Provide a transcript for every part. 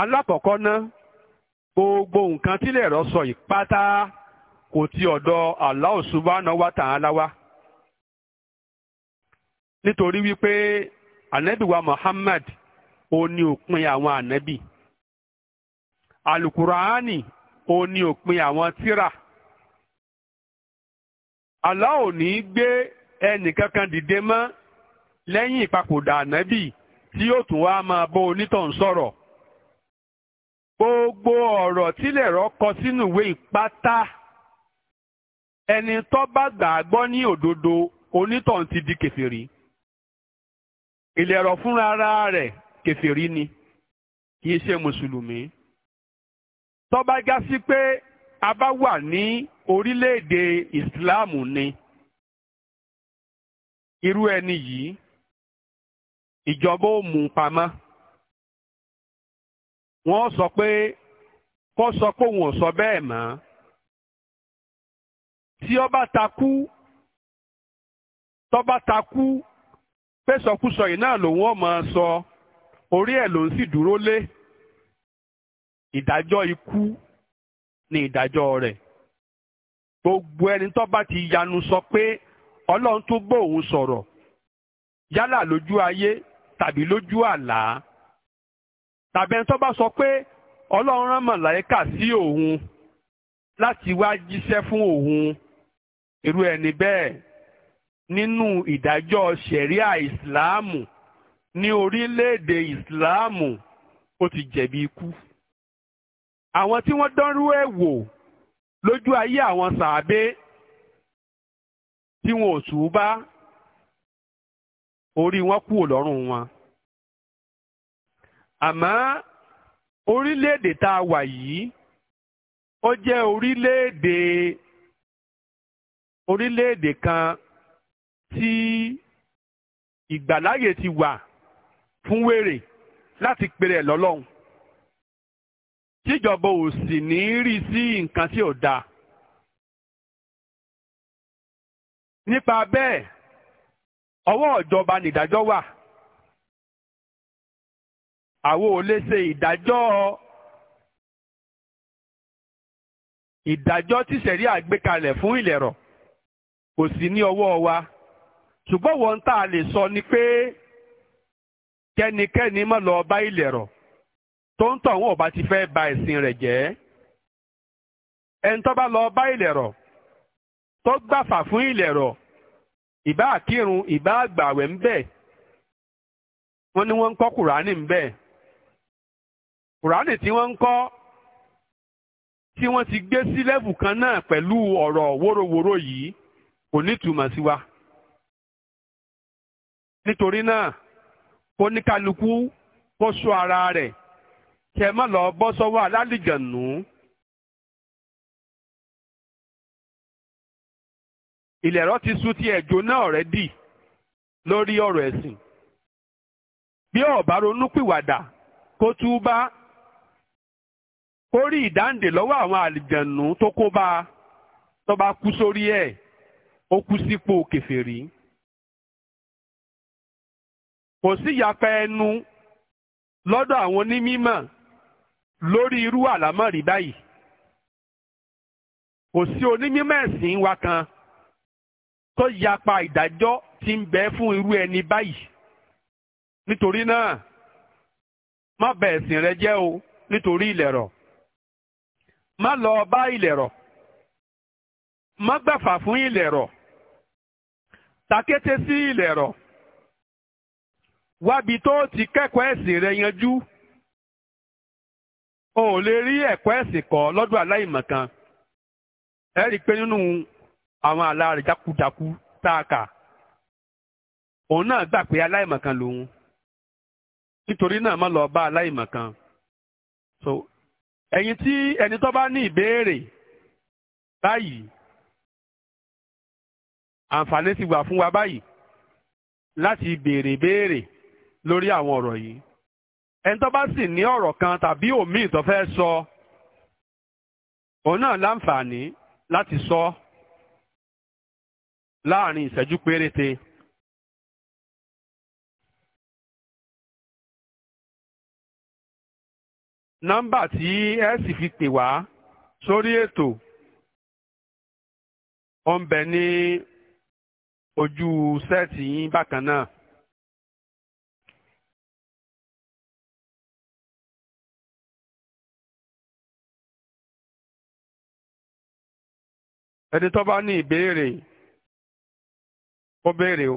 alákọ̀ọ́kọ́ ná gbogbo nǹkan tí lè rọ sọ yìí kò ti ọ̀dọ̀ Allah subhanahu wa ta'ala wá nítorí wípé ànábì Muhammad ó ní òpin àwọn ànábì alukuraani ó ní òpin àwọn tírà Allah ò ní gbé ẹnìkankan dìde mọ́ lẹ́yìn ìpapòdà ànábì tí yóò tún wá máa bọ́ onítàn sọ̀rọ̀ gbogbo ọ̀rọ̀ tílẹ̀rọ kọ sínú ìwé ìpátá ẹni tó bá gbà ní òdodo onítọ̀hún ti di kèfèrí ìlẹ̀rọ fúnra rẹ̀ kèfèrí ni kì í ṣe mùsùlùmí tó bá já sí pé a bá wà ní orílẹ̀-èdè ìsìláàmù ni irú ẹni yìí ìjọba ò mú pamọ́. wọ́n sọ pé kó sọ pé òun ò sọ bẹ́ẹ̀ mọ́ tí ó bá takú tó bá takú pé sọkúsọ yìí náà lòun ò máa sọ orí ẹ̀ lòun sì dúró lé ìdájọ́ ikú ni ìdájọ́ rẹ̀ gbogbo ẹni tó bá ti yanu sọ pé ọlọ́run tó gbọ́ òun sọ̀rọ̀ yálà lójú ayé tàbí lójú àlàá. tàbí ẹni tó bá sọ pé ọlọ́run rán màláíkà sí òun láti wá jíṣẹ́ fún òun irú ẹni bẹ́ẹ̀ nínú ìdájọ́ ṣẹ̀ríà ìsìláàmù ní orílẹ̀-èdè ìsìláàmù ó ti jẹ̀bi ikú. àwọn tí wọ́n dánrú ẹ̀ wò lójú ayé àwọn sàábé tí wọn ò tù bá orí wọn kúrò lọ́rùn wọn àmọ́ orílẹ̀-èdè tá a wà yìí ó jẹ́ orílẹ̀-èdè orílẹ̀-èdè kan tí ìgbàláyè ti wà fún wèrè láti pèrè lọ́lọ́run tíjọba ò sì ní rí sí nǹkan tí ò dáa. nípa bẹ́ẹ̀ ọwọ́ ìjọba nìdájọ́ wà àwo ò lè ṣe ìdájọ́ ìdájọ́ tí sẹ̀rí àgbékalẹ̀ fún ìlẹ̀rọ̀ kò sí ní ọwọ́ wa ṣùgbọ́n wọn tá a lè sọ ni pé kẹ́nikẹ́ni má lọ bá ìlẹ̀rọ̀ tó ń tọ̀ wọn ò bá ti fẹ́ ba ẹ̀sìn rẹ̀ jẹ́ ẹni tó bá lọ bá ìlẹ̀rọ̀ tó gbàfà fún ìlẹ̀rọ̀ ìbá àkírun ìbá àgbàwẹ̀ ń bẹ wọ́n ní wọ́n ń kọ́ kùránì ń bẹ kùránì tí wọ́n ń kọ́ tí wọ́n ti gbé sí kan náà pẹ̀lú ọ̀rọ̀ wóróworó yìí kò nítumọ̀ sí wa. nítorí náà kó sọ ara rẹ̀ kẹ́ má lọ bọ́ sọ́wọ́ ti ti náà rẹ̀ dì lórí ọ̀rọ̀ ẹ̀sìn. bí kó rí ìdáǹdè lọ́wọ́ àwọn àlìjẹ̀nù tó kó bá a tó bá kú sórí ẹ̀ ó kú sípò kèfèrí. kò sí ìyapa ẹnu lọ́dọ̀ àwọn onímọ̀ lórí irú àlámọ̀rí báyìí. kò sí onímọ̀ ẹ̀sìn wa kan tó yapa ìdájọ́ tí ń bẹ fún irú ẹni báyìí. nítorí náà má bà ẹ̀sìn rẹ jẹ́ o nítorí ìlẹ̀rọ̀. má lọ bá ilẹ̀ rọ̀ má gbàfà fún ilẹ̀ rọ̀ takété sí ilẹ̀ rọ̀ wábi tó ti kẹ́kọ̀ọ́ ẹ̀sìn rẹ̀ yanjú o ò lè rí ẹ̀kọ́ ẹ̀sìn kọ́ lọ́dọ̀ aláìmọ̀kan ẹ rí i pé nínú àwọn àlá rẹ̀ jákujáku tá a kà òun náà gbà pé aláìmọ̀kan lòun nítorí náà má lọ bá aláìmọ̀kan so ẹ̀yin tí ẹni tó bá ní ìbéèrè báyìí àǹfààní ti wà fún wa báyìí láti béèrè béèrè lórí àwọn ọ̀rọ̀ yìí ẹni tó bá sì ní ọ̀rọ̀ kan tàbí òmíì tó fẹ́ sọ òun náà láǹfààní láti sọ láàrin ìṣẹ́jú péréte. nọ́mbà tí ẹ sì fi pè wá sórí ètò ó ń bẹ ní ojú sẹ́ẹ̀tì yín bákan náà. ẹni tó bá ní ìbéèrè ó béèrè o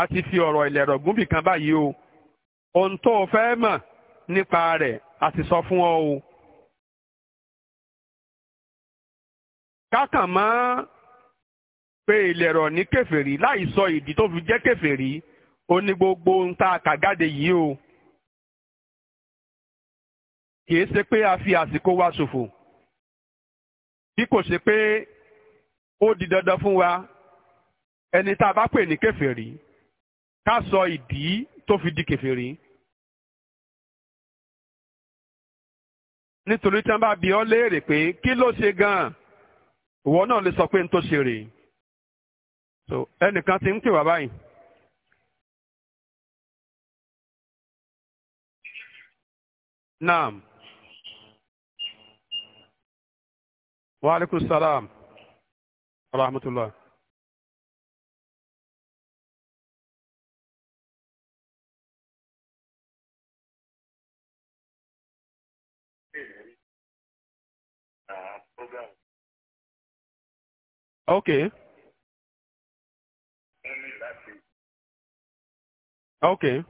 a ti fi ọ̀rọ̀ ìlẹ̀rọ̀ gúnbì kan báyìí o ohun tó o fẹ́ mọ̀ nípa rẹ̀ a ti sọ fún ọ o. kákàn mọ́ pé ìlẹ̀rọ̀ ní kèfèrí láì sọ ìdí tó fi jẹ́ kèfèrí ó ní gbogbo ń ta kàgáde yìí o. kìí ṣe pé a fi àsìkò wa ṣòfò bí kò ṣe pé ó di dandan fún wa ẹni tá a bá pè ní kèfèrí ká sọ ìdí tó fi di kèfèrí. nítorí tí wọ́n bá bi ọ́ léèrè pé kí ló ṣe gan-an ìwọ náà lè sọ pé n tó ṣe rèé so ẹnìkan ti ń pè wá báyìí. naam wa aleykum salaam rahmatulah. Okay. Okay.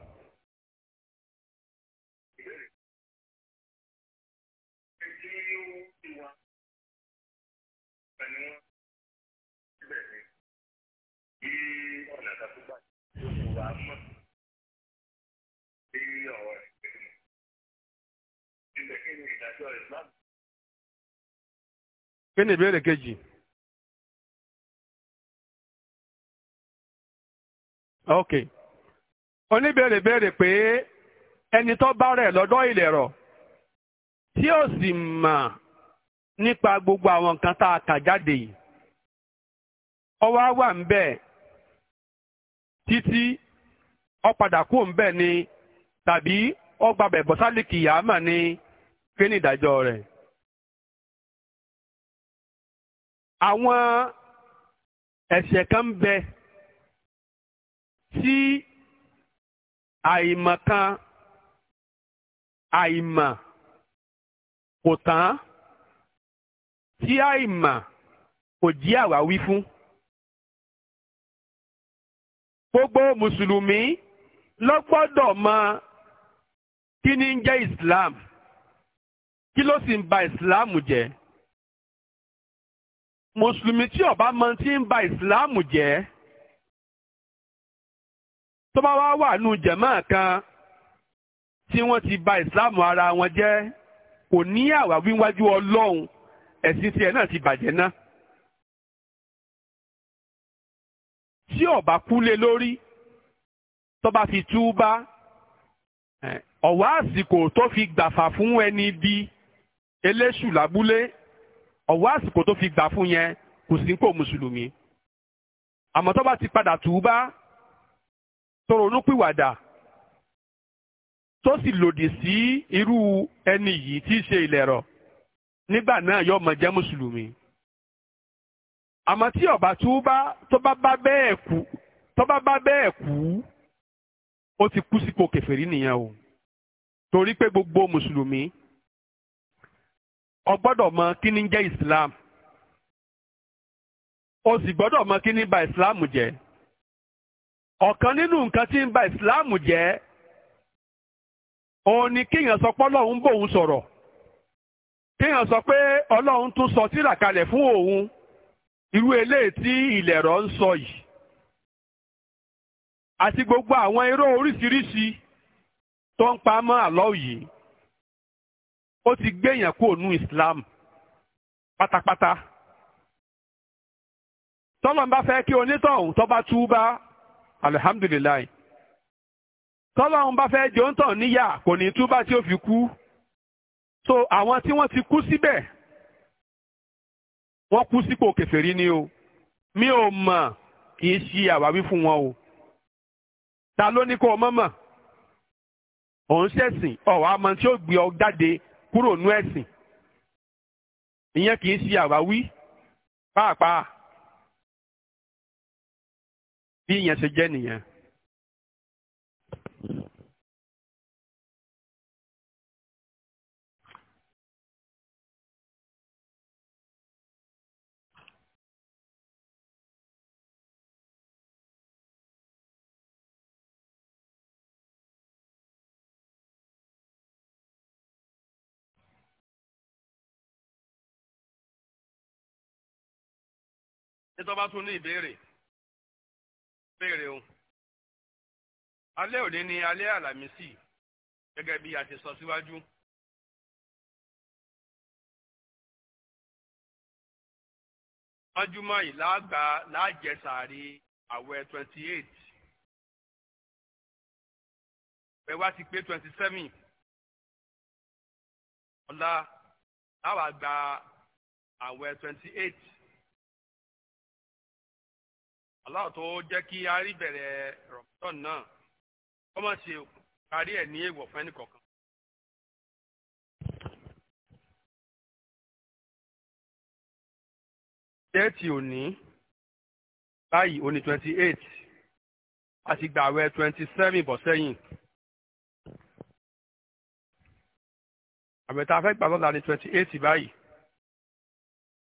Kí ni ìbéèrè kejì? ok oníbèrè béèrè pé ẹni tó bá rẹ̀ lọ́dọ̀ ìlẹ̀rọ̀ tí ó sì mọ̀ nípa gbogbo àwọn nǹkan tá a kà jáde yìí ọwọ́ á wà ń bẹ̀ títí ọ̀padà kú ń bẹ̀ ni tàbí ọgbà bẹ̀bọ̀ sálíkì yàámà ni kí ni ìdájọ́ rẹ̀. àwọn ẹ̀ṣẹ̀ kan ń bẹ tí àìmọ̀kan àìmọ̀ kò tán tí àìmọ̀ kò jí àwáwí fún. gbogbo mùsùlùmí ló gbọ́dọ̀ mọ kí ni ń jẹ́ Islam kí ló sì ń ba Islam jẹ́ mùsùlùmí tí ó bá mọ ń ba Islam jẹ́ tó bá wá wà nù jẹ̀mọ́ kan tí wọ́n ti bà ìsìláàmù ara wọn jẹ́ kò ní àwáwí wájú ọlọ́run ẹ̀sìn tiẹ̀ náà ti bàjẹ́ ná. tí ọba kúlé lórí tó bá fi túbá ọ̀wá àsìkò tó fi gbàfà fún ẹni bí eléṣù lábúlé ọ̀wá àsìkò tó fi gbà fún yẹn kò sí kò mùsùlùmí àmọ́ tó bá ti padà túbá tó ronúpìwàdà tó sì lòdì sí irú ẹni yìí tí í ṣe ìlẹ̀rọ̀ nígbà náà yóò máa jẹ́ mùsùlùmí. àmọ́ tí ọ̀bà tó bá tó bá bá bẹ́ẹ̀ kú tó bá bá bẹ́ẹ̀ kú ó ti kú sípò kèfèrí nìyẹn o torí pé gbogbo mùsùlùmí ó mọ kí ni jẹ́ Islam ó sì gbọ́dọ̀ mọ kí ni bà Islam jẹ́. ọ̀kan nínú nǹkan tí ń ba ìsìláàmù jẹ́ òun ni Kíyàn sọ pé ọlọ́run bòun sọ̀rọ̀ Kíyàn sọ pé ọlọ́run tún sọ tírà kalẹ̀ fún òun irú eléyìí tí ìlẹ̀rọ ń sọ yìí àti gbogbo àwọn irọ́ oríṣiríṣi tó ń pa mọ́ àlọ́ yìí ó ti gbéyàn kúrò òun Islam pátápátá tọ́lọ́n bá fẹ́ kí onítọ̀hún tọ́ bá túbá alihamdulilayi tọ́lọ́run bá fẹ́ jọ ń tàn níyà kò ní túbá tí ó fi kú so àwọn tí wọ́n ti kú síbẹ̀ wọ́n kú sípò kèfèrí ni o mi ò mọ̀ kì í ṣe àwáwí fún wọn o ta ló ní kó o mọ̀mọ̀ òun ṣẹ̀sìn ọ̀wá ọmọ tí ó gbé ọ jáde kúrò nú ẹ̀sìn ìyẹn kì í ṣe àwáwí pàápàá bí ìyẹn ṣe jẹ́ nìyẹn. nítorí bá tún ní ìbéèrè béèrè o alẹ́ òní ni alẹ́ àlàmísì gẹ́gẹ́ bí a ti sọ síwájú. mọ́júmọ́ yìí lágbà lájẹsàárì àwẹ̀ twenty eight ẹ wá ti pé twenty seven ọ̀la láwàá gba àwẹ̀ twenty eight. Allah tó jẹ́ kí a rí bẹ̀rẹ̀ Ramadan náà kọ́ má ṣe parí ẹ̀ ní èèwọ̀ fún ẹnìkọ̀ọ̀kan. déètì òní báyìí òní twenty eight a ti twenty seven bọ̀ sẹ́yìn. àwẹ̀ tá a fẹ́ gbà lọ́la ní twenty eight báyìí.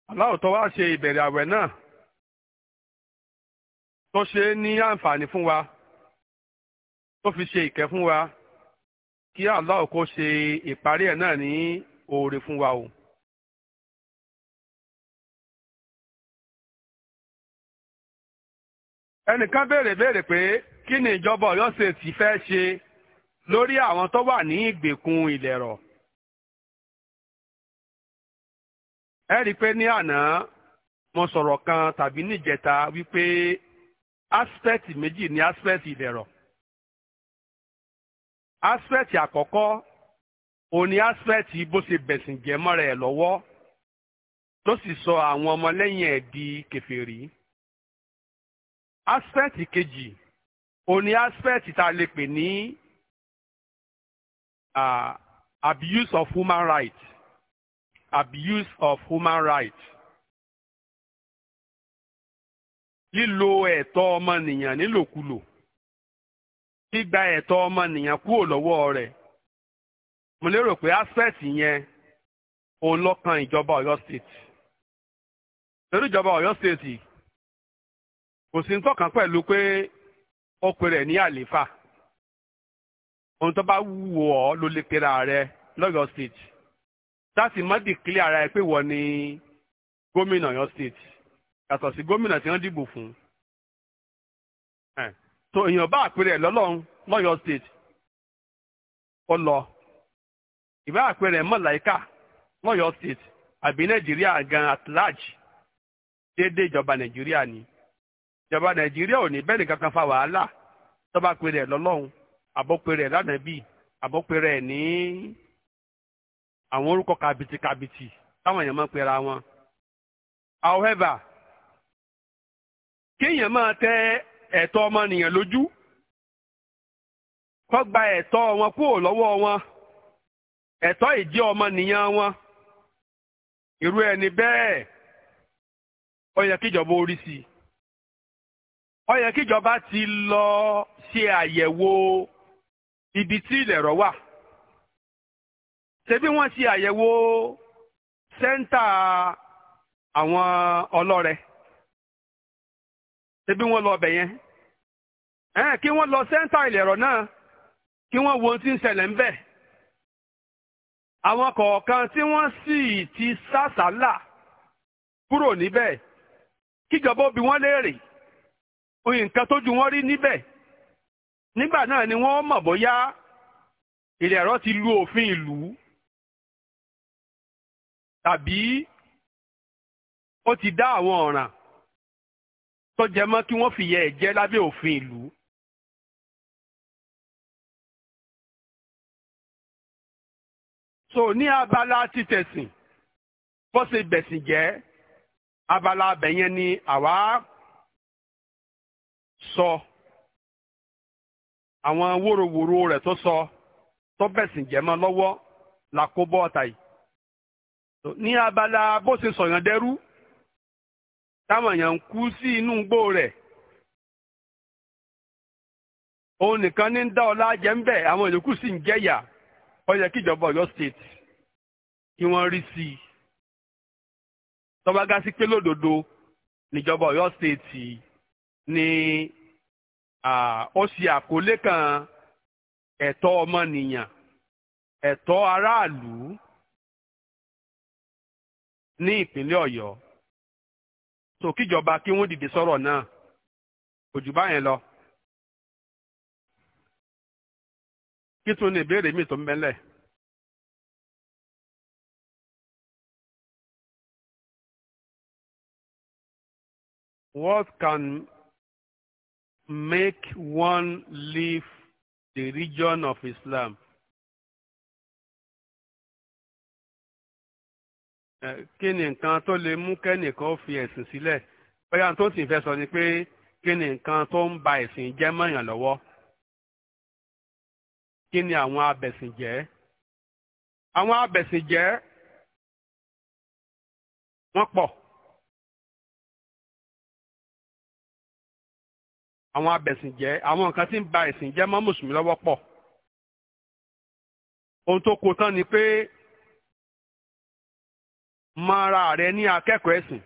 Allah tó wá ṣe ìbẹ̀rẹ̀ àwẹ̀ náà tó ṣe ní àǹfààní fún wa tó fi ṣe ìkẹ́ fún wa kí Allah kó ṣe ìparí ẹ̀ náà ní oore fún wa o. ẹnìkan béèrè béèrè pé kí ni ìjọba Ọ̀yọ́ ṣe ti fẹ́ ṣe lórí àwọn tó wà ní ìgbèkùn ìlẹ̀rọ̀. ẹ rí i pé ní àná mo sọ̀rọ̀ kan tàbí níjẹta wípé aspect méjì ni aspect ìdẹ̀rọ̀ aspect àkọ́kọ́ òní aspect bó ṣe bẹ̀sìn jẹ́ mọ́ra ẹ̀ lọ́wọ́ tó sì sọ àwọn ọmọlẹ́yìn ẹ̀ di kèfèrí aspect kejì òní aspect tá a lè pè ní abuse of human rights abuse of human rights. lílo ẹ̀tọ́ ọmọnìyàn nílòkulò gbígba ẹ̀tọ́ ọmọnìyàn kúrò lọ́wọ́ rẹ̀ mo lérò pé aspect yẹn òun lọ́kàn ìjọba Ọ̀yọ́ state lórí ìjọba Ọ̀yọ́ state kò sí ń tọ́kàn pẹ̀lú pé rẹ̀ ní ohun tó bá wù ọ́ ló lè pera lọ́yọ́ state láti ara ẹ pé wọ́n state. yàtọ̀ sí gómìnà tí wọ́n dìbò fún tó èèyàn bá àpẹẹrẹ lọ́lọ́run lọ́yọ̀ state ó lọ ìbá àpẹẹrẹ mọ̀láìkà lọ́yọ̀ state àbí nàìjíríà gan at large déédéé ìjọba nàìjíríà ni ìjọba nàìjíríà ò ní bẹ́ẹ̀ kankan fa wàhálà tó bá pẹ̀rẹ̀ lọ́lọ́run àbọ̀pẹ̀rẹ̀ lánàbí àbọ̀pẹ̀rẹ̀ ní àwọn orúkọ kàbìtìkàbìtì táwọn èèyàn máa ń pera wọn. however kéèyàn máa tẹ ẹ̀tọ́ ọmọnìyàn lójú kọ gba ẹ̀tọ́ wọn kúrò lọ́wọ́ wọn ẹ̀tọ́ ìjẹ́ ọmọnìyàn wọn irú ẹni bẹ́ẹ̀ ó kíjọba orí sí i ó kíjọba ti lọ ṣe àyẹ̀wò ibi tí ilẹ̀rọ wà ṣebí wọ́n ṣe àyẹ̀wò sẹ́ńtà àwọn ọlọ́rẹ. ṣebí wọ́n lọ ọbẹ̀ yẹn ẹ̀ẹ́n kí wọ́n lọ sẹ́ńtà ìlẹ̀rọ náà kí wọ́n wo ohun tí ń ṣẹlẹ̀ ń bẹ̀ àwọn kọ̀ọ̀kan tí wọ́n sì ti sásàálà kúrò níbẹ̀ kíjọba ó bi wọ́n léèrè nǹkan tójú wọn rí níbẹ̀ nígbà náà ni wọ́n mọ̀ bóyá ìlẹ̀rọ ti lu òfin ìlú tàbí ó ti dá àwọn ọ̀ràn tó jẹ mọ́ kí wọ́n fìyà ẹ̀ jẹ lábẹ́ òfin ìlú. so ní abala títẹ̀sìn bó ṣe bẹ̀sìn jẹ́ abala abẹ̀ yẹn ni àwa sọ àwọn wóróworó rẹ̀ tó sọ tó bẹ̀sìn jẹ́ mọ́ lọ́wọ́ làkóbọ́ ọ̀tà yìí. ní abala bó ṣe sọ̀yàn dẹ́rú. So, táwọn èèyàn ń kú sí inú igbó rẹ̀ òun nìkan ní ń dá ọlá jẹ ń bẹ̀ àwọn ìyókù sì ń jẹ̀yà ó yẹ kíjọba Ọ̀yọ́ state kí wọ́n rí sí i tọ́ba gá sí pé lódodo níjọba Ọ̀yọ́ state ni ó ṣe àkọlé kan ẹ̀tọ́ ọmọnìyàn ẹ̀tọ́ aráàlú ní ìpínlẹ̀ Ọ̀yọ́. so kíjọba kí wọ́n dìde sọ̀rọ̀ náà òjò báyẹn lọ. kí tún ní ìbéèrè mi tó ń bẹ́lẹ̀. What can make one leave the region of Islam? kí ni nǹkan tó lè mú kẹ́nìkan fi ẹ̀sìn sílẹ̀ bóyá tó sì fẹ́ sọ ni pé kí ni nǹkan tó ń ba ẹ̀sìn jẹ́ mọ́yàn lọ́wọ́ kí ni àwọn abẹ̀sìnjẹ́ àwọn abẹ̀sìnjẹ́ wọ́n pọ̀ àwọn abẹ̀sìnjẹ́ àwọn nǹkan tí ń ba ẹ̀sìn jẹ́ mọ́ mùsùlùmí lọ́wọ́ pọ̀ ohun tó kó tán ni pé máa ra rẹ ní akẹ́kọ̀ọ́ ẹ̀sìn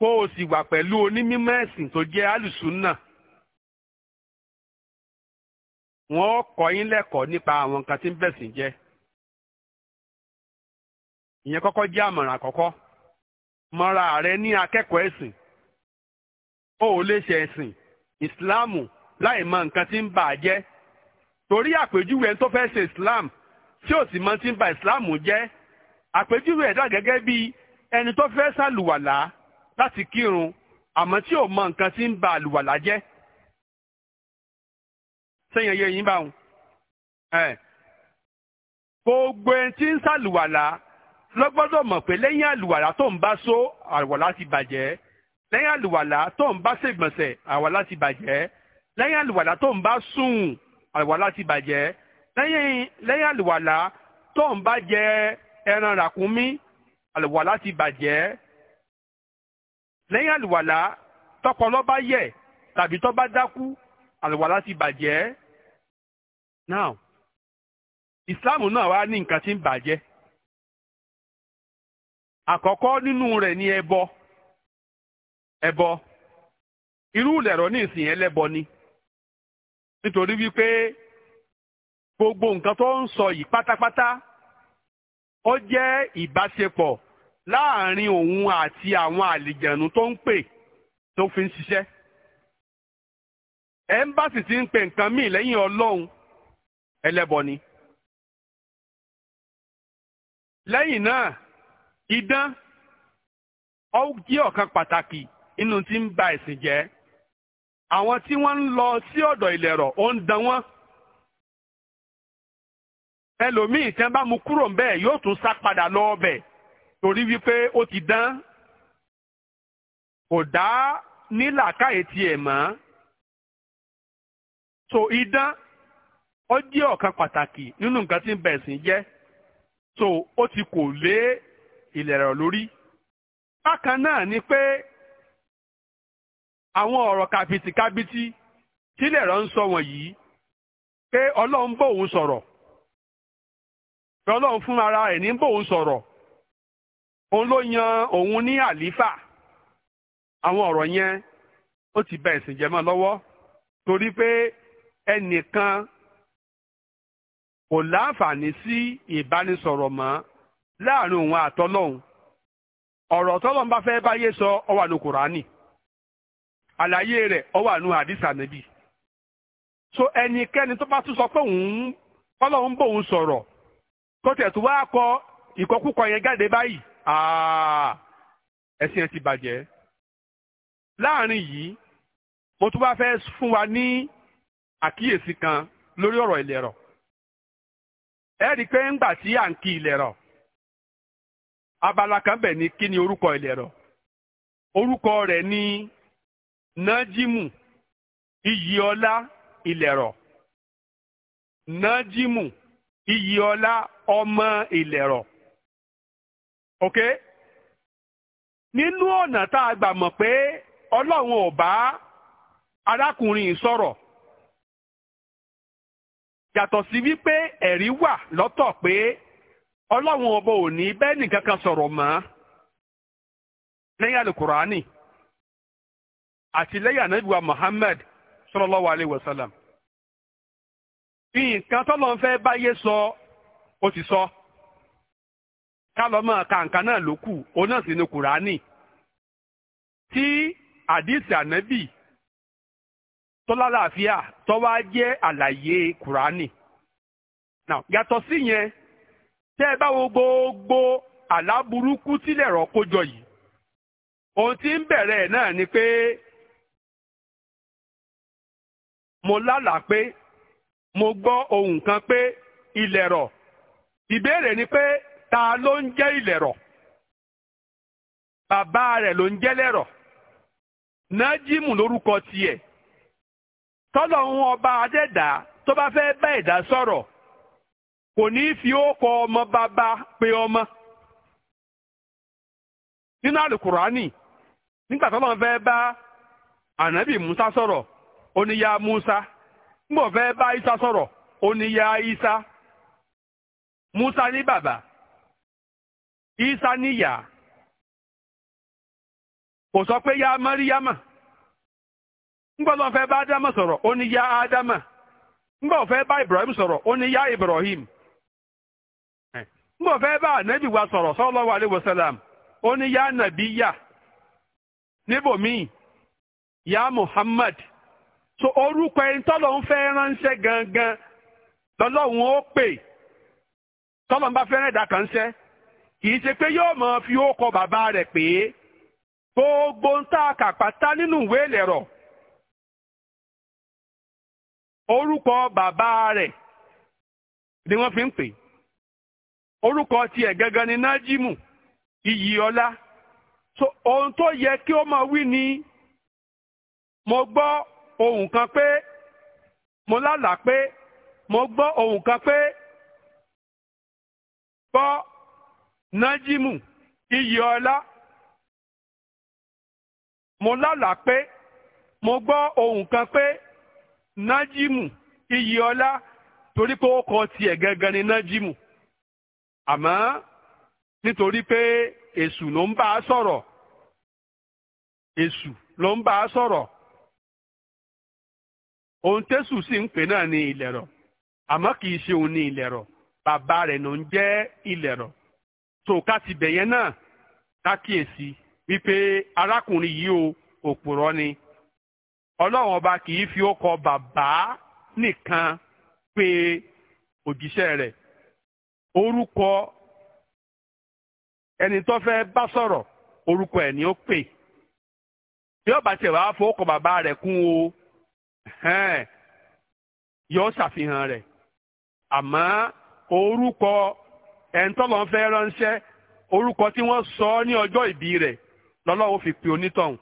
kó o sì wà pẹ̀lú onímọ̀ ẹ̀sìn tó jẹ́ alùsùnà wọ́n kọ́ yín lẹ́kọ̀ọ́ nípa àwọn nǹkan tí ń bẹ̀sìn jẹ́ ìyẹn kọ́kọ́ jẹ́ àmọ̀ràn àkọ́kọ́ mọ́ra rẹ ní akẹ́kọ̀ọ́ ẹ̀sìn ó ò lè ṣe ẹ̀sìn ìsìláàmù láì mọ nǹkan tí ń bà á jẹ́ torí àpèjúwe ẹni tó fẹ́ ṣe ìsìláàmù tí ò sì mọ tí ń bà ìsìláàmù jẹ́ àpèjúwe ẹ̀dá gẹ́gẹ́ bí ẹni tó fẹ́ sàlùwàlá láti kírun àmọ́ tí ò mọ nǹkan tí ń ba àlùwàlá jẹ́ sẹ́yìn ẹyẹ yín báwọn gbogbo ẹni tí ń sàlùwàlá ló gbọ́dọ̀ mọ̀ pé lẹ́yìn àlùwàlá tó ń bá só àlùwàlá ti bàjẹ́ lẹ́yìn àlùwàlá tó ń bá ṣègbọ̀nsẹ̀ àlùwàlá ti bàjẹ́ lẹ́yìn àlùwàlá tó ń bá sùn àlùwàlá ti bàjẹ́ lẹ́yìn àlùwàlá tó ń bá jẹ ẹran ràkúnmí àlùwàlá ti bàjẹ́ lẹ́yìn àlùwàlá tọpọlọ bá yẹ, tàbí tó bá dákú àlùwàlá ti bàjẹ́ now ìsìláàmù náà wá ní nǹkan tí ń bàjẹ́ àkọ́kọ́ nínú rẹ̀ ni ẹbọ ẹbọ irú lẹ̀rọ ní ìsìn ẹlẹ́bọ ni nítorí wípé gbogbo nǹkan tó ń sọ yìí pátápátá ó jẹ́ ìbáṣepọ̀ láàrin òun àti àwọn àlìjẹ̀nu tó ń pè tó fi ń ṣiṣẹ́. ẹ̀ńbàṣì ti ń pè nǹkan míì lẹ́yìn ọlọ́run ẹlẹ́bọ ni. lẹ́yìn náà idán ó jẹ́ ọ̀kan pàtàkì inú tí ń ba ẹ̀sìn jẹ́. àwọn tí wọ́n ń lọ sí ọ̀dọ̀ ìlẹ̀rọ̀ ó ń dán wọ́n ẹlòmíì tán bá mu kúrò ń bẹ́ẹ̀ yóò tún sá padà lọ ọbẹ̀ torí wípé ó ti dán kò dá nílà káyé tiẹ̀ mọ́. so idán ó jẹ́ ọ̀kan pàtàkì nínú nǹkan tí ń bẹ̀ sí jẹ́ so ó ti kò lé ìlẹ̀rọ̀ lórí. bákan náà ni pé àwọn ọ̀rọ̀ kàbìtìkàbìtì tílẹ̀ rọ̀ ń sọ wọ̀nyí pé ọlọ́run bóun sọ̀rọ̀ pé ọlọ́run fún ara ẹ̀ ní bòun sọ̀rọ̀ òun ló yan òun ní àlífà àwọn ọ̀rọ̀ yẹn ó ti bà ẹ̀sìn jẹ́ mọ́ lọ́wọ́ torí pé ẹnìkan kò láǹfààní sí ìbánisọ̀rọ̀ mọ́ láàrin òun àtọ́lọ́hun ọ̀rọ̀ tọ́lọ́n bá fẹ́ báyé sọ ọwà ní kùránì àlàyé rẹ̀ ọwà ní àdìsá níbí so ẹnikẹ́ni tó bá tún sọ pé òun kọ́lọ́hún bòun sọ̀rọ̀ kọ́tẹ̀ tó wá kọ ìkọkúkọ yẹn jáde báyìí ti bàjẹ́ láàrin yìí mo tún bá fẹ́ fún wa ní àkíyèsí kan lórí ọ̀rọ̀ ìlẹ̀rọ̀ ẹ rí i pé tí à ń kí ìlẹ̀rọ̀ abala kan bẹ̀ ni kí ni orúkọ ìlẹ̀rọ̀ orúkọ rẹ̀ ni nájímù ọmọ ìlẹ̀rọ̀ ok nínú ọ̀nà tá a gbà mọ̀ pé ọlọ́run ò bá arákùnrin sọ̀rọ̀ yàtọ̀ sí wípé ẹ̀rí wà lọ́tọ̀ pé ọlọ́run ọba ò ní bẹ́ẹ̀ nìkan kan sọ̀rọ̀ mọ́ lẹ́yìn alukurani àti lẹ́yìn anabiwa Muhammad sallallahu alayhi wa sallam nǹkan tọ́lọ́ ń fẹ́ báyé sọ ó ti sọ Ká kálọ́mọ̀ kàǹkà náà ló kù òun náà sì ni kùránì tí àdìsí ànábì tó tọ́ tó wá jẹ́ àlàyé kùránì yàtọ̀ sí yẹn tẹ́ ẹ bá gbogbo àláburúkú tílẹ̀ rọ̀ kójọ yìí ohun tí ń bẹ̀rẹ̀ náà ni pé mo lálàá pé mo gbọ́ ohun kan pé ilẹ̀ rọ̀ ìbéèrè ni pé ta ló ń jẹ́ ìlẹ̀rọ̀ bàbá rẹ̀ ló ń jẹ́ lẹ́rọ̀ nájímù lórúkọ tiẹ̀ ọba adẹ́dà tó bá fẹ́ bá ẹ̀dá sọ̀rọ̀ kò ní fi ókọ ọmọ bàbá pé ọmọ nínú àlùkùránì nígbà tọ́lọ́hún fẹ́ bá ànábì Musa sọ̀rọ̀ ó Musa nígbà fẹ́ bá Isa sọ̀rọ̀ Isa. Musa ní bàbá Isa níyà kò sọ pé ya Mariama ńgbọ́n lọ́n fẹ́ bá Ádámà sọ̀rọ̀ ó ní ya Ádámà ńgbọ́n fẹ́ bá Ibrahim sọrọ ó ní ya Ibrahim ńgbọ́n fẹ́ bá anabi wa sọ̀rọ̀ sallallahu alaihi wasallam ó ní ya Nàbíyà níbòmíì ya Muhammad so orúkọ ẹni tọ́lọ́ ń fẹ́ ránṣẹ́ gangan lọ́lọ́run ó pè é. tọ́lọ̀ ń bá fẹ́ràn ẹ̀dá kan ṣẹ́ kì í ṣe pé yóò mọ̀ fi ókọ bàbá rẹ̀ pé gbogbo ń tá a kà pátá nínú ìwé ìlẹ̀rọ̀ orúkọ bàbá rẹ̀ ni wọ́n fi ń pè orúkọ tiẹ̀ gangan ni nájímù iyì so ohun tó yẹ kí ó máa wí ni mo gbọ́ ohun kan pé mo lálàá pé mo gbọ́ ohun kan pé. bọ́ nájímù iyì ọlá mo lálàá pé mo gbọ́ ohun kan pé nájímù iyì ọlá torí kọ tiẹ̀ gangan ni nájímù àmọ́ nítorí pé èṣù ló ń bá a sọ̀rọ̀ èṣù ló ń bá a sọ̀rọ̀ ohun tẹ́sù àmọ́ bàbá rẹ̀ ló ń jẹ́ ilẹ̀rọ̀ tó ká ti bẹ̀yẹn náà kákíyèsí wípé arákùnrin yìí o òpùrọ̀ ni ọlọ́run ọba kì í fi ó kọ bàbá nìkan pé òjíṣẹ́ rẹ̀ orúkọ ẹni tó fẹ́ bá sọ̀rọ̀ orúkọ ẹ̀ ni ó pè bí ọba tiẹ̀ wàá fowó kọ bàbá rẹ̀ kún o yóò ṣàfihàn rẹ̀ àmọ́ orúkọ ẹ̀ńtọ́lọ́n fẹ́ ránṣẹ́ orúkọ tí wọ́n sọ ọ́ ní ọjọ́ ìbí rẹ̀ lọ́lọ́wọ́ fi pè onítọ̀hún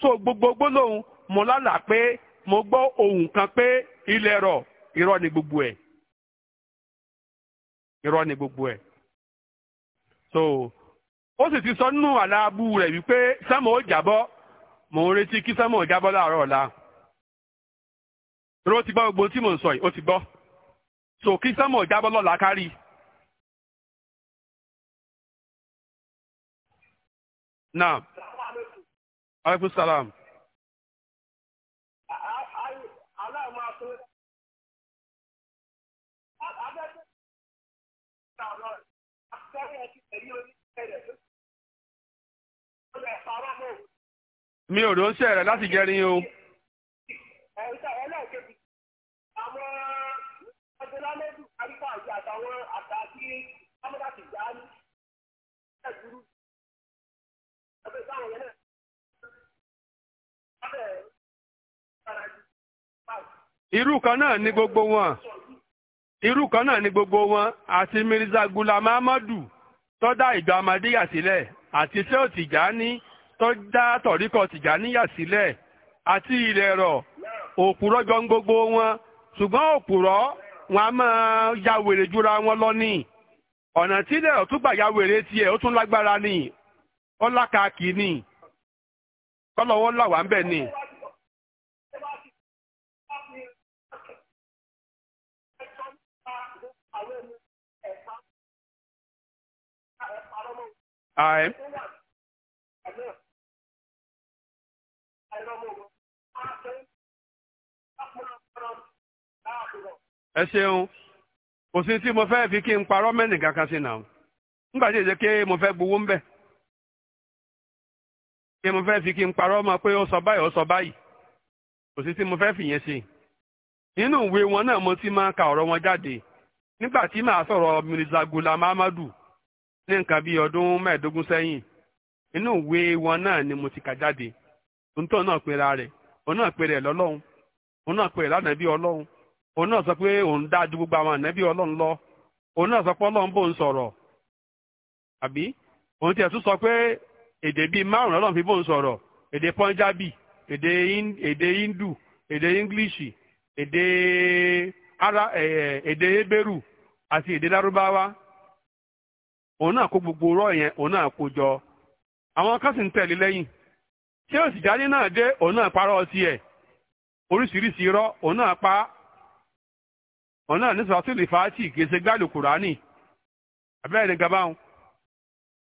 so gbogbo gbólóhùn mo lálàá pé mo gbọ́ ohùn kan pé ilẹ̀ rọ̀ irọ́ ni gbogbo ẹ̀ irọ́ ni gbogbo ẹ̀ so ó sì ti sọ nínú àlàabù rẹ̀ wípé sámọ̀ ó jábọ́ mò ń retí kí sámọ̀ ó jábọ́ láàárọ̀ ọ̀la. Ró ti gbọ́ gbogbo tí mò ń sọ yìí, ó ti gbọ́. so kí sánmọ̀ jábọ́ lọ́la kárí. náà aleykum salaam. mi ò rí oúnjẹ rẹ láti jẹrin o. irú kan náà ni gbogbo wọn irú kan náà ni gbogbo wọn àti Mirza Gulam Ahmadu tó dá ìjọ yà sílẹ̀ àti seo Tìjání tó dá tọ̀ríkọ̀ Tìjáníyà sílẹ̀ àti ilẹ̀ rọ̀ òpùrọ̀ jọ ń gbogbo wọn ṣùgbọ́n òpùrọ̀ wọn a máa ya wèrè jura wọn lọ ọ̀nà tí ilẹ̀ ọ̀tún were wèrè tiẹ̀ ó tún lágbára ni ó ni kọ́lọ́wọ́ là wà ń ni. kò sí tí mo fẹ́ fi kí n parọ́ mẹ́rin kankan sí náà nígbà tí èdè mo fẹ́ gbowó ń mo fẹ́ fi kí n parọ́ mọ́ pé ó sọ báyìí ó sọ báyìí kò tí mo fẹ́ nínú ìwé wọn náà mo ti máa ka ọ̀rọ̀ wọn jáde nígbà tí màá sọ̀rọ̀ Mirza Gulam Ahmadu ní nǹkan bíi ọdún mẹ́ẹ̀ẹ́dógún sẹ́yìn inú ìwé wọn náà ni mo ti kà jáde náà rẹ̀ òun náà lọ́lọ́run òun náà lánàá bíi òun náà sọ pé òun dáa gbogbo àwọn ànábì ọlọ́run lọ òun náà sọ pé ọlọ́run bò ń sọ̀rọ̀ àbí òun tiẹ̀ tún sọ pé fi bò ń sọ̀rọ̀ èdè Punjabi èdè Hindu èdè English èdè ara èdè Heberu àti èdè larubawa. òun náà kó gbogbo rọ yẹn òun náà kó jọ àwọn kan tẹ̀lé lẹ́yìn tí òsì jáde náà dé òun náà parọ́ ọ̀nà ní sọ́tìlì fàátì kìí ṣe gbálù kùránì abẹ́rẹ́ gaba ń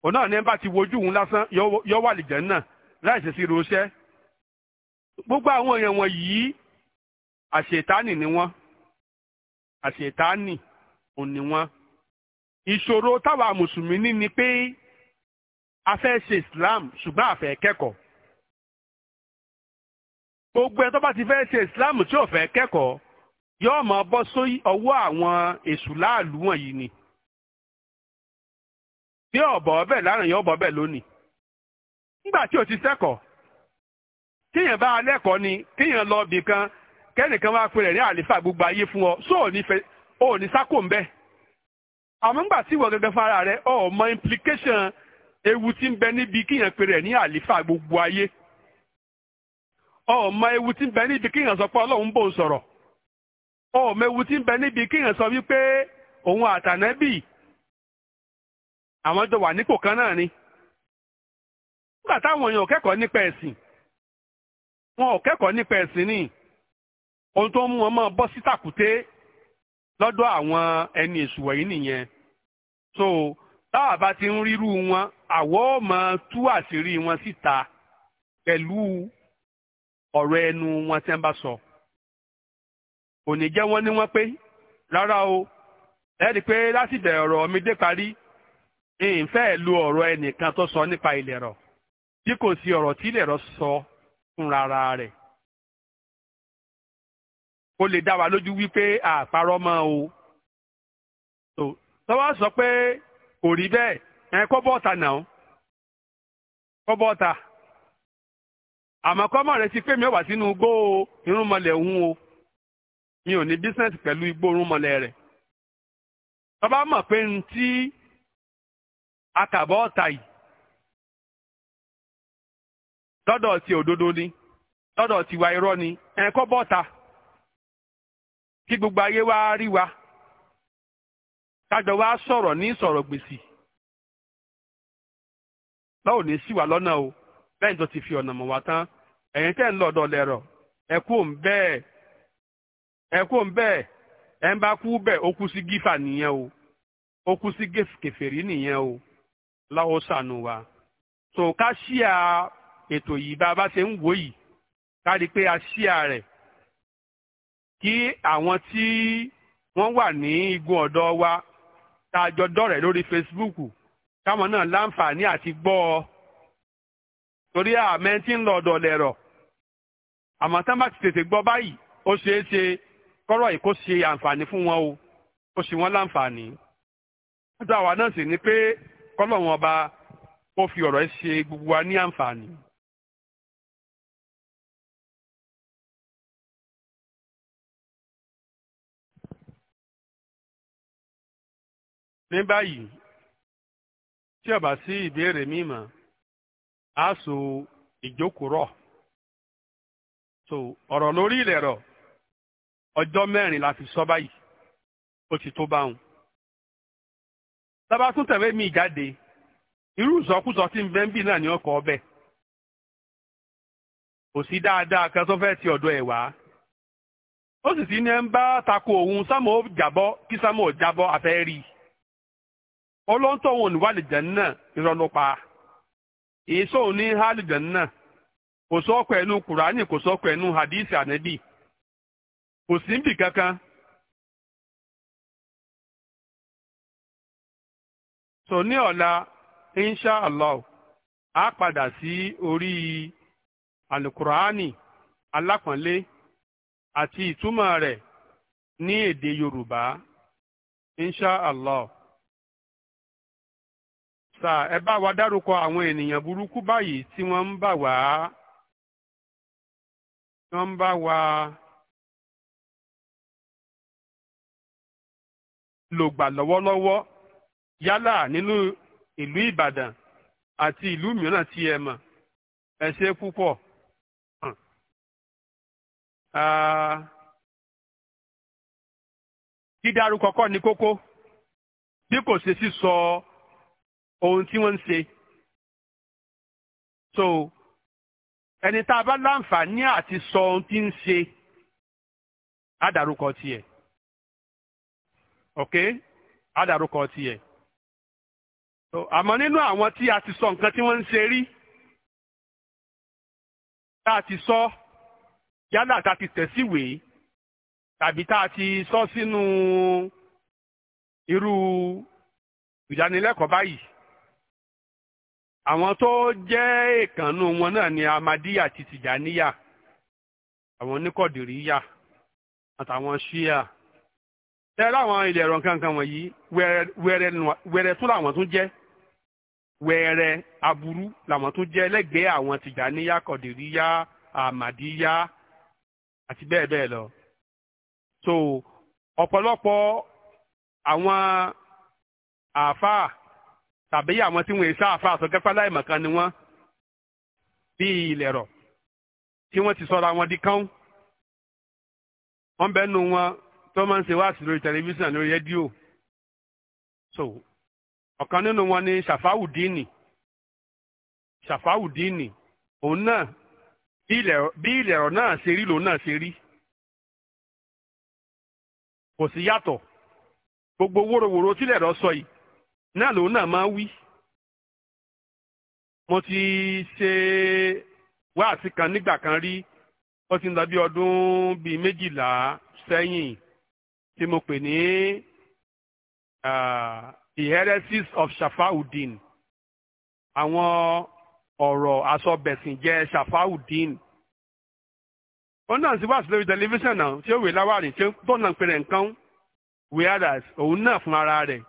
ọ̀nà ní bá ti wojú òun lásán yọ wà lìjẹ́ náà láì sí roṣẹ́ gbogbo àwọn èèyàn wọn yìí àṣetánì ni wọ́n àṣetánì ò ní wọ́n ìṣòro táwa mùsùlùmí ní ni pé a fẹ́ ṣe Islam ṣùgbọ́n a fẹ́ kẹ́kọ̀ọ́ gbogbo ẹ̀ tó bá ti fẹ́ ṣe Islam tí ò fẹ́ kẹ́kọ̀ọ́ yóò máa bọ́ sórí ọwọ́ àwọn èṣù láàlú wọ̀nyí ni bí ọ̀bọ̀ ọbẹ̀ láràn yóò bọ̀ bẹ́ẹ̀ lónìí nígbà tí o ti sẹ́kọ̀ọ́ kíyàn bá alẹ́kọ̀ọ́ ni kíyàn lọ ibì kan kẹ́nìkan wá pèrè ní àlìfà gbogbo ayé fún ọ só ò ní sákò ń bẹ́ àmọ́ ńgbà tí ìwọ gẹ́gẹ́ fara rẹ ọ mọ implication ewu tí ń bẹ níbi kíyàn pèrè ní àlìfà gbogbo ayé ọ mọ ewu tí ń bẹ níbi kíyàn sọ pé ọlọ́run bò ń sọ̀rọ̀ ó mẹ́wu tí bẹ níbi kíyàn sọ wípé òun àtànẹ́bì àwọn jọ wà nípò kan náà ni nígbà táwọn èèyàn ò kẹ́kọ̀ọ́ nípa ẹ̀sìn wọn ò kẹ́kọ̀ọ́ nípa ẹ̀sìn ni ohun tó ń mú wọn mọ́ bọ́ sí tàkúté lọ́dọ̀ àwọn ẹni èṣù wọ̀nyí nìyẹn so táwa bá ti ń rírú wọn àwọ̀ ò tú àṣírí wọn síta pẹ̀lú ọ̀rọ̀ ẹnu wọn tí wọ́n bá sọ. So. òní jẹ́ wọ́n ní wọ́n pé rárá o ẹ̀rí pé láti bẹ̀rẹ̀ ọ̀rọ̀ mi dé parí ìfẹ́ lu ọ̀rọ̀ ẹnìkan tó sọ nípa ìlẹ̀rọ̀ bí kò sí ọ̀rọ̀ tí ìlẹ̀rọ̀ sọ fúnra rẹ̀. ó lè dá wa lójú wípé àparọ́ mọ́ o. tọ́wọ́ sọ pé kò rí bẹ́ẹ̀ ẹ kọ́ bọ́ọ̀ta náà kọ́ bọ́ọ̀ta àmọ́ kọ́mọ̀ rẹ̀ ti pé mi ò wá sínú igbó irúnmọlẹ̀ òun o. mi ò ní business pẹ̀lú igbó orúnmọlẹ̀ rẹ̀ tó mọ̀ pé n tí akàbọ̀ ọ̀tà yìí lọ́dọ̀ ti òdodo ni lọ́dọ̀ ti wa irọ́ ni ẹ̀ńkọ́ bọ́ta kí gbogbo ayé wá rí wa kájọ wá sọ̀rọ̀ ní sọ̀rọ̀ gbèsì lọ́wọ́ ní sí wa lọ́nà o bẹ́ẹ̀ tó ti fi ọ̀nà mọ̀ wá tán ẹ̀yin tẹ́ ń lọ́dọ̀ lẹ́rọ̀ ẹ òun bẹ́ẹ̀. ẹ kó ń bẹ́ẹ̀ ẹ ń bá kú bẹ́ẹ̀ o ó kú sí o láwo wa tó ká ṣíà ètò yìí bá a bá ṣe ń wò yìí ká rí i pé a ṣíà rẹ̀ kí àwọn tí wọ́n wà ní igun ọ̀dọ́ wa tá a jọ dọ̀rẹ̀ lórí Facebook káwọn náà láǹfààní àti gbọ́ ọ torí àmẹ́ntí ń lọ ọ̀dọ̀ lẹ̀rọ̀ àmọ́ tá a bá ti tètè gbọ́ báyìí ó ṣeé ṣe kọ́rọ̀ yìí kó ṣe àǹfààní fún wọn o kó ṣe wọ́n láǹfààní. ọjọ́ àwa náà sì ni pé kọ́lọ́wọ́n ọba kó fi ọ̀rọ̀ ẹ ṣe gbogbo wa ní àǹfààní. ní báyìí tí ó sí ìbéèrè míì mọ́ a ìjókòó rọ̀ so lórí ilẹ̀ rọ̀. ọjọ́ mẹ́rin la fi sọ báyìí ó ti tó báwọn. tún tẹ̀wé mi jáde irú ìsọkúsọ tí ń bẹ́ ń bì náà ní ọkọ̀ ọbẹ̀. kò sí dáadáa kan tó fẹ́ẹ́ ti ọ̀dọ̀ ẹ̀ wá. ó sì ti ní ẹ ń bá tako òun sámọ̀ kí sámọ̀ náà pa. èso òun ní náà kò sọ́kọ̀ ẹnu kùránì kò sọ́kọ̀ ẹnu kò sí kankan. so ọ̀la insha allah a padà sí orí alukur'ani alápọ̀nlé àti ìtumọ̀ rẹ̀ ní èdè yorùbá insha allah ẹ bá wa dárúkọ àwọn ènìyàn burúkú báyìí tí wọ́n ń bà wá á. lò gbà lọ́wọ́lọ́wọ́ yálà nínú ìlú Ìbàdàn àti ìlú mìíràn tí ẹ mọ̀ ẹ ṣe púpọ̀. dídárúkọ kọ́ ni kókó bí kò ṣe sísọ ohun tí wọ́n ń ṣe. so ẹni tá a bá láǹfààní àti sọ ohun tí ń ṣe á dárúkọ tiẹ̀ ok á dárúkọ tiẹ̀ àmọ́ nínú àwọn tí a ti sọ nǹkan tí wọ́n ń ṣe rí tá a ti sọ yálà tá a ti tẹ̀ síwèé tàbí tá a ti sọ sínú irú ìdánilẹ́kọ̀ọ́ báyìí àwọn tó jẹ́ èèkànnú wọn náà ni Ahmadiyya àti Tìjàníyà àwọn oníkọ̀dìríyà àtàwọn Ṣíà ẹ láwọn ilẹ̀ ẹ̀rọ kankan wọ̀nyí wẹ̀rẹ̀ tún làwọn tún jẹ́ wẹ̀rẹ̀ aburú làwọn tún jẹ́ lẹ́gbẹ̀ẹ́ àwọn tìjàníyà kọ̀dìríyà àmàdíyà àti bẹ́ẹ̀ bẹ́ẹ̀ lọ. so ọ̀pọ̀lọpọ̀ àwọn àáfàá tàbí àwọn tí wọ́n èsà àáfàá àtọ́gẹ́pá láìmọ̀kan ni wọ́n bí ilẹ̀ rọ̀ tí wọ́n ti sọra wọn di kán wọ́n bẹ́ẹ̀ nu wọn tó máa ń ṣe wáàsí lórí tẹlifíṣàn lórí rédíò so ọ̀kan nínú wọn ni ṣàfáwùdíìnì ṣàfáwùdíìnì òun náà bí ilẹ̀ ọ̀rọ̀ náà ṣe rí lòun náà ṣe rí kò sí yàtọ̀ gbogbo wóróworó tílẹ̀ rọ sọ yìí náà lòun náà máa wí mo ti ṣe wáàsí kan nígbà kan rí ó ti ń lọ bí ọdún bíi méjìlá sẹ́yìn tí mo pè ní ah, the heresies of Shafauddin àwọn ọ̀rọ̀ asọ̀bẹ̀sìnjẹ́ Shafauddin ó náà lórí tẹlifíṣàn náà tí ó wèé láwárí tí náà pèrè nǹkan òun náà fún ara rẹ̀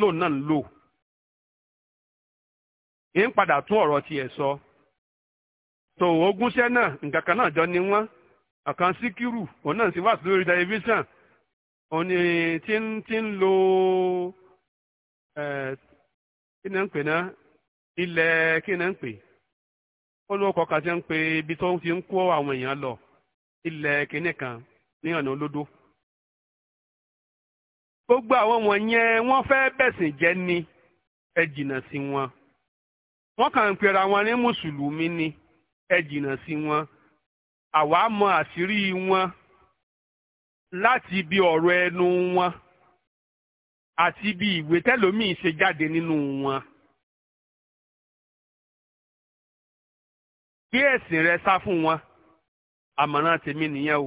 lòun náà ń lò padà tún ọ̀rọ̀ tiẹ̀ sọ tó náà nǹkan kan náà jọ ni wọ́n òun náà lórí tẹlifíṣàn onirin tí n lo nkịna nkpịna ilẹ kina nkpị oloko ka ti nkpị biton ti nkọwa awon eyan lọ ilẹ kinekan ni ọnà olodo gbogbo awọn onwonyen won fẹ pesin jẹ ni eji na si won won ka nkpịra awọn ni musulumi ni eji na si won awa mo asiri won láti ibi ọ̀rọ̀ ẹnu wọn àti ibi ìwé tẹ́lòmíì ṣe jáde nínú wọn. gbé ẹ̀sìn rẹ sá fún wọn àmọ̀ràn tèmi nìyẹn o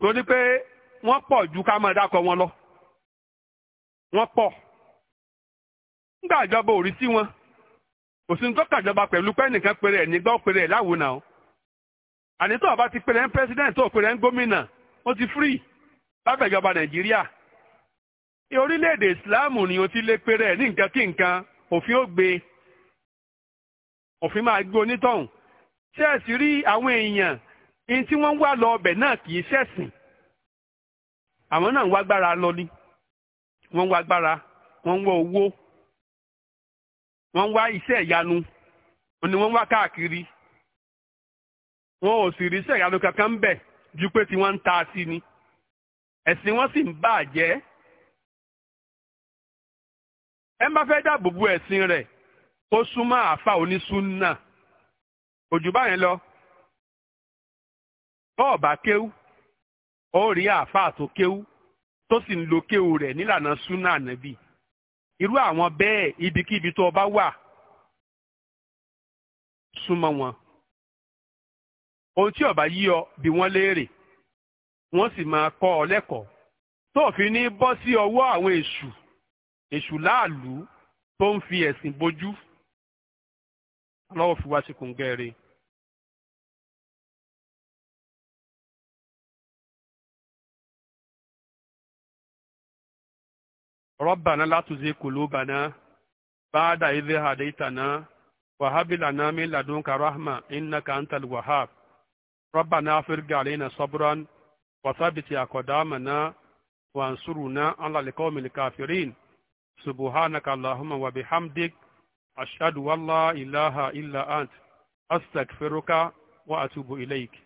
torí pé wọ́n pọ̀ ju ká máa dákọ̀ wọn lọ wọ́n pọ̀ nígbà ìjọba ò rí sí wọn òsín tó kàjọba pẹ̀lú pẹ́ẹ́nìkan péré ẹ̀ nígbà ó péré ẹ̀ láwùú náà ànítọ́ ọba ti péré ń pẹ́sidẹ́ǹtì tó péré ń gómìnà ó ti fírì lábẹ́ ìjọba nàìjíríà orílẹ̀-èdè ìsìláàmù ni o ti lé péré ní nǹkan kí nǹkan òfin ó gbé òfin máa gbé onítọ̀hún ṣẹ́ẹ̀sì rí àwọn èèyàn ní tí wọ́n ń wá lọ ọbẹ̀ náà kì í ṣẹ̀sìn àwọn náà ń wá gbára lọ ni wọ́n ń wá gbára wọ́n ń wá owó wọ́n ń wá iṣẹ́ ìyanu ni wọ́n ń wá káàkiri wọn ò sì rí iṣẹ́ ìyanu kankan ń bẹ̀ ju pé tí wọ́n ń ta sí ni ẹ̀sìn wọn sì ń bà jẹ́ ẹ má fẹ́ dáàbò bo ẹ̀sìn rẹ̀ kó súnmọ́ àáfà onísúnnà òjò báyẹn lọ bọ́ọ̀ bá kéwú ó rí àáfà tó kéwú tó sì ń lo kéwú rẹ̀ nílànà súnà ànábì irú àwọn bẹ́ẹ̀ ibikíbi tó o wà súnmọ́ wọn ohun tí o yí ọ bí wọ́n léèrè wọ́n sì máa kọ́ ọ lẹ́kọ̀ọ́ tó fi ní bọ́ sí ọwọ́ àwọn èṣù èṣù láàlú tó ń fi ẹ̀sìn bojú ọlọ́wọ́ fi wá sí kòǹgẹ́rẹ́. ربنا لا تزغ قلوبنا بعد إذ هديتنا وهب لنا من لدنك رحمة إنك أنت الوهاب ربنا افرغ علينا وثبت أقدامنا وانصرنا على القوم الكافرين سبحانك اللهم وبحمدك أشهد أن لا إله إلا أنت أستغفرك وأتوب إليك